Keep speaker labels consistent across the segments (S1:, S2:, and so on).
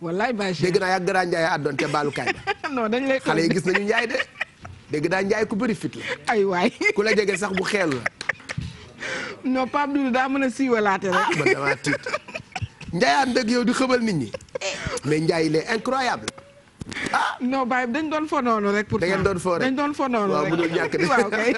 S1: wallaay Baye Cheikh dégg naa yàgg naa Ndiaye àddoon dañ lay xale yi gis nañu Ndiaye de dégg naa Ndiaye ku bëri fit la. ay waay ku la jege sax bu xeel la. non Pape Doudou daa mën a siiwalaate rek. ah man tiit Ndiaye ànd ak yow di xëbal nit ñi mais Ndiaye il est incroyable. ah non Baye dañ doon fo noonu rek. pour da ngeen doon fo rek dañ doon fo noonu rek bu dul ñàkk de waaw kay.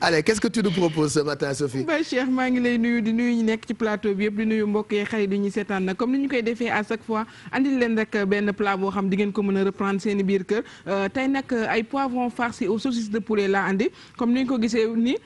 S1: allez qu'est-ce que tu nous proposes ce matin Sophie. ba Cheikh maa ngi lay nuyu di nuyu ñu nekk ci plateau bi yëpp di nuyu mbokk yi xarit yi ñu seetaan nag comme ni ñu koy defee à chaque fois andil leen rek euh, benn plat boo xam di ngeen ko mën a reprendre seen i biir kër euh, tey nag euh, ay poivrons farcis aux saucisses de poulet laa andi comme ni ñu ko gisee ni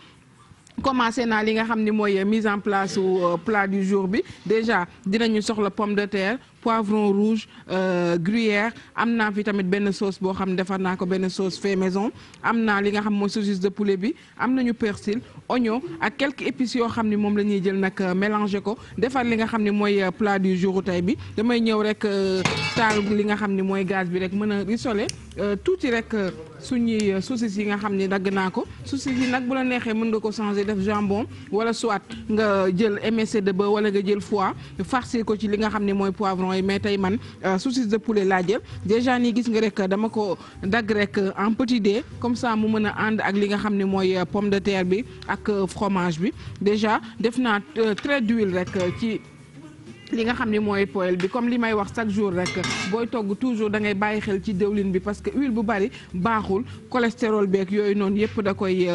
S1: commencé naa li nga xam ni mooy mise en place au plat du jour bi déjà dinañu soxla pomme de terre. poivron rouge euh, gruyère am naa fi tamit benn sauce boo xam ne defar naa ko benn sauce fait maison am na li nga xam mooy saucisse de poulet bi am nañu persil oignon ak quelques épices yoo xam ni moom la ñuy jël nag euh, mélanger ko defar li nga xam ne mooy euh, plat du jour tey bi damay ñëw rek taal li nga xam ni mooy gaz bi rek mën a rissoler tuuti rek suñuy saucisse yi nga xam ni dagg naa ko saucisse yi nag bu la neexee mën nga ko changé def jambon wala soit nga jël émincé de bœuf wala nga jël fois farcir ko ci li nga xam ne mooy poisson mais tey man euh, saucisse de poulet laa jël déjà nii gis nga rek dama ko dagg rek euh, en petit dé comme ça mu mën a ànd ak li nga xam ne mooy euh, pomme de terre bi ak fromage bi déjà def naa trait d'huile rek ci li nga xam ne mooy poêle bi comme li may wax chaque jour rek booy togg toujours da ngay bàyyi xel ci diwlin bi parce que huile bu bari baaxul cholestérol beeg yooyu noonu yëpp da koy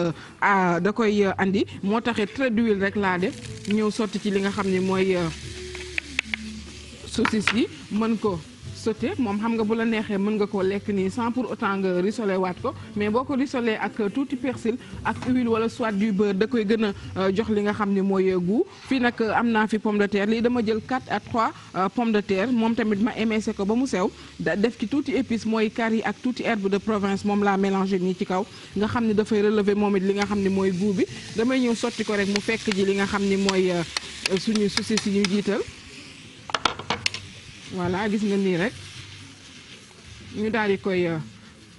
S1: da koy andi moo taxit trait d'huile rek laa def ñëw sotti ci li nga xam ne mooy. saucisse yi mën ko sauté moom xam nga bu la neexee mën nga koo lekk nii sans pour autant nga rissolé waat ko mais boo ko rissolé ak tuuti persil ak huile wala soit du beurre da koy gën a euh, jox li nga xam ne mooy goût fii nag euh, am naa fi pomme de terre lii dama jël 4 à 3 euh, pomme de terre moom tamit ma émincé ko ba mu sew def ci tuuti épice mooy curry ak tuuti herbe de province moom laa mélangé nii ci kaw nga xam ne dafay relever moom it li nga xam ne mooy goût bi damay ñëw sotti ko rek mu fekk ji li nga xam ne mooy suñu saucisse yi jiital voilà gis nga nii rek ñu daal di koy euh,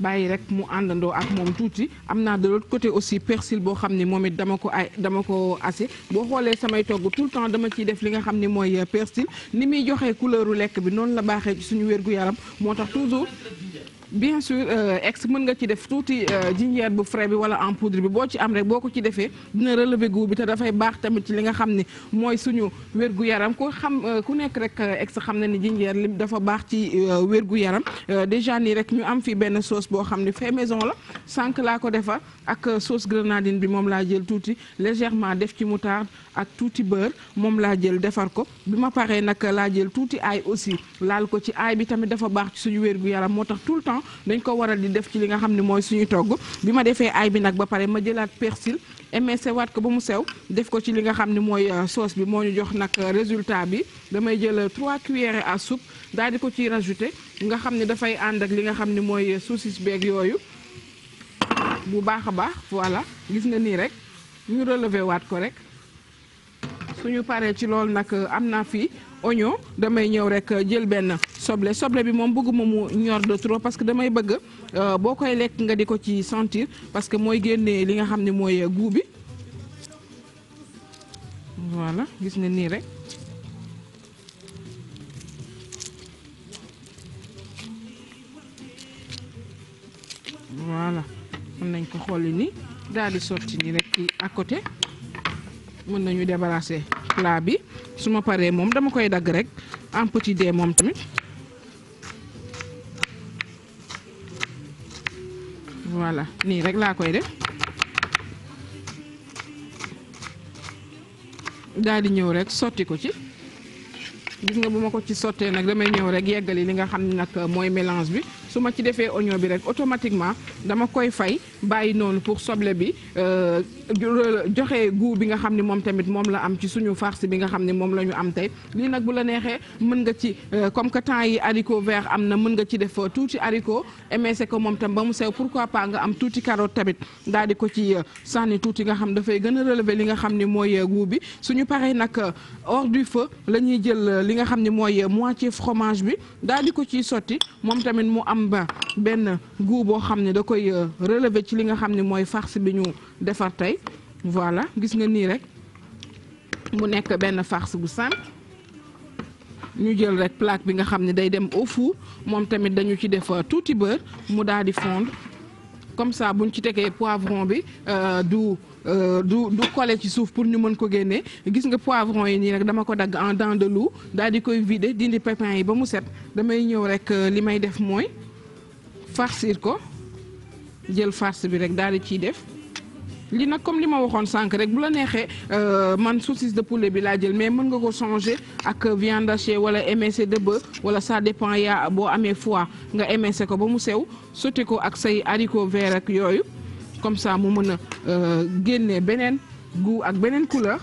S1: bàyyi rek mu àndandoo ak moom tuuti am naa de l'autre côté aussi persil boo xam ne moom it dama ko ay dama ko assez boo xoolee samay togg tout le temps dama ciy def li nga xam ni mooy euh, persil ni muy joxee couleuru lekk bi noonu la baaxee ci suñu wér gu yaram moo tax toujours bien sûr euh, ex mën nga ci def tuuti euh, jinjeer bu frais bi wala en poudre bi boo ci am rek boo ko ci defee dina relever goût bi te dafay baax tamit ci li nga xam ne mooy suñu wér-gu-yaram ku xam euh, ku nekk rek ex xam na ni jinjeer li dafa baax ci wér-gu-yaram déjà nii rek ñu am fi benn sauce boo xam ne fait maison la sànq laa ko defar ak sauce grenadine bi moom laa jël tuuti légèrement def ci moutarde ak tuuti beurre moom laa jël defar ko bi ma paree nag laa jël tuuti aay aussi laal ko ci aay bi tamit dafa baax ci suñu wér-gu-yaram moo tax tout le temps dañ ko waral di def ci li nga xam ne mooy suñu togg bi ma defee ay bi nag ba pare ma jëlaat persil émincé waat ko ba mu sew def ko ci li nga xam ne mooy euh, sauce bi moo ñu jox nag euh, résultat bi damay jël 3 euh, cuillères à soupe daal di ko ciy rajouté nga xam ne dafay ànd ak li nga xam ne mooy saucisse beeg yooyu bu baax a baax voilà gis nga nii rek ñu relevé waat ko rek suñu pare ci loolu nag am naa fii oignon damay ñëw rek euh, jël benn soble soble bi moom bëgguma mu ñor de trop parce que damay bëgg euh, boo koy lekk nga di ko ci sentir parce que mooy génne li nga xam ne mooy euh, guubi bi voilà gis nga nii rek voilà mën nañ ko xooli nii daal di sotti nii rek ci à côté mën nañu débarrasser plat bi su ma paree moom dama koy dagg rek en petit dé moom tamit voilà nii rek laa koy def daal di ñëw rek sotti ko ci gis nga bu ma ko ci sottee nag damay ñëw rek yeggali li nga xam ne nag mooy mélange bi su ma ci defee oignon bi rek automatiquement dama koy fay bàyyi noonu pour soble bi euh, joxe goût bi nga xam ne moom tamit moom la am ci suñu farce bi nga xam ne moom la ñu am tey lii nag bu la neexee mën nga ci euh, comme que temps yi haricot vert am na mën nga ci def euh, tuuti haricot émincé ko moom tam ba mu sew pourquoi pas nga am tuuti carotte tamit daal di ko ci sànni tuuti nga xam dafay gën a relever li nga xam ne mooy goût bi suñu paree nag hors du feu la ñuy jël li nga xam ne mooy moitié fromage bi ba benn goût boo xam ne da koy euh, relever ci li nga xam ne mooy farce bi ñu defar tey voilà gis nga nii rek mu nekk benn farce bu simple ñu jël rek plaque bi nga xam ne day dem au four moom tamit dañu ci def euh, tuuti beurre mu daal di fondre comme ça ñu ci tegee poivron bi euh, du du du collé ci suuf pour ñu mën ko génnee gis nga poivron yi nii rek dama ko dagg en dents de loup daal di koy vider dindi pépins yi ba mu set damay ñëw rek li may def mooy. farcir ko jël farce bi rek daal di ciy def lii nag comme li ma waxoon sànq rek bu la neexee euh, man saucisse de poulet bi laa jël mais mën nga ko changer ak viande hachée wala émincé de bœuf wala ça dépend yaa boo amee fois nga émincé ko ba mu sew sotti ko ak say haricot vert ak yooyu comme ça mu mën a euh, génnee beneen goût ak beneen couleur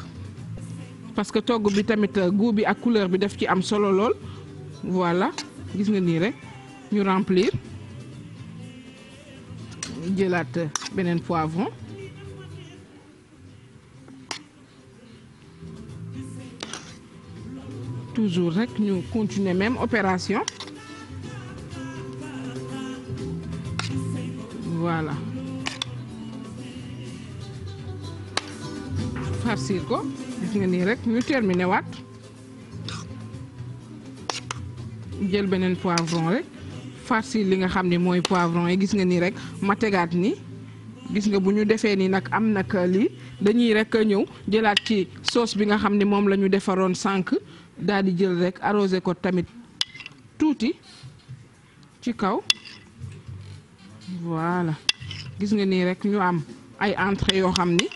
S1: parce que togg bi tamit euh, goût bi ak couleur bi def ci am solo lool voilà gis nga nii rek ñu remplir. jëlaat beneen poivron toujours rek ñu continuer même opération voilà farcir ko def nga nii rek ñu terminer waat jël beneen poivron rek farci li nga xam ni mooy poivron yi gis nga nii rek ma tegaat ni gis nga bu ñu defee ni nag am nag lii dañuy rek ñëw jëlaat ci soos bi nga xam ni moom la ñu defaroon sànq daal di jël rek arrosé ko tamit tuuti ci kaw voilà gis nga nii rek ñu am ay entrée yoo xam ni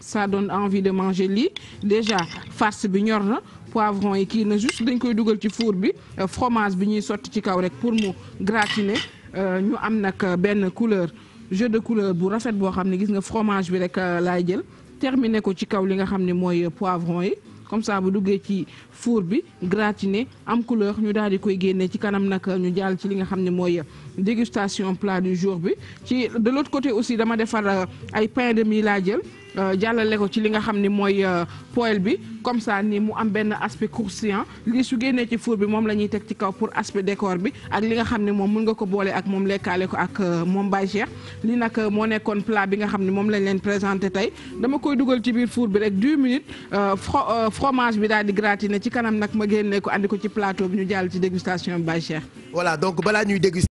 S1: ça donne envie de manger lii déjà farce bi ñor na poivron yi kii na juste dañ koy dugal ci four bi euh, fromage bi ñuy sotti ci kaw rek pour mu gratiner euh, ñu am nag euh, benn couleur jeu de couleur bu rafet boo xam ne gis nga fromage bi rek laay jël terminer ko ci kaw li nga xam ne mooy poivron yi comme ça bu duggee ci four bi gratiner am couleur ñu daal di koy génne ci kanam nag ñu jàll ci li nga xam ne mooy dégustation plat du jour bi ci de l'autre côté aussi dama defar ay pain de mie laa jël Euh, jàllale ko ci li nga xam ni mooy euh, poêle bi comme ça ni mu am benn aspect croustillant lii su génnee ci four bi moom la ñuy teg ci kaw pour aspect décor bi ak li nga xam ne moom mën nga ko boole ak moom lekkaale ko ak euh, moom Baye Cheikh li nag moo nekkoon plat bi nga xam ni moom lañ leen présenté tey dama koy dugal ci biir four bi rek 10 minutes fromage bi daal di gratiné ci kanam nag ma génnee ko andi ko ci plateau bi ñu jàll ci dégustation bi Baye Cheikh. voilà